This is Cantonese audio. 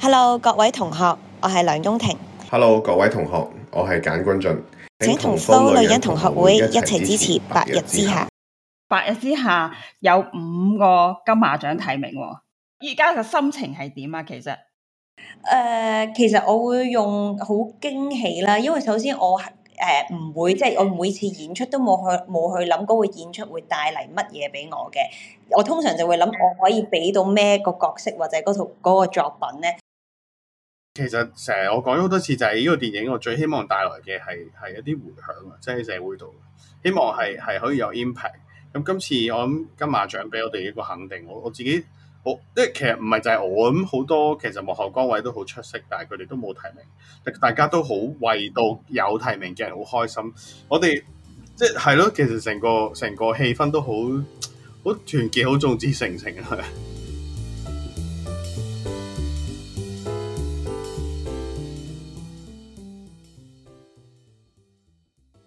hello 各位同學，我係梁雍婷。hello 各位同學，我係簡君晉。請同 Flo 女人同學會一齊支持白日之下。白日之下有五個金馬獎提名，而家嘅心情係點啊？其實，誒、呃，其實我會用好驚喜啦，因為首先我誒唔、呃、會，即、就、係、是、我每次演出都冇去冇去諗過演出會帶嚟乜嘢俾我嘅。我通常就會諗我可以俾到咩個角色或者嗰套嗰個作品咧。其實成日我講咗好多次，就係呢個電影，我最希望帶來嘅係係一啲回響啊，即係喺社會度，希望係係可以有 impact。咁今次我諗金馬獎俾我哋一個肯定，我我自己，我即係其實唔係就係我諗好多其實幕後崗位都好出色，但係佢哋都冇提名，大家都好為到有提名嘅人好開心。我哋即係係咯，其實成個成個氣氛都好好團結，好眾志成城啊！整整整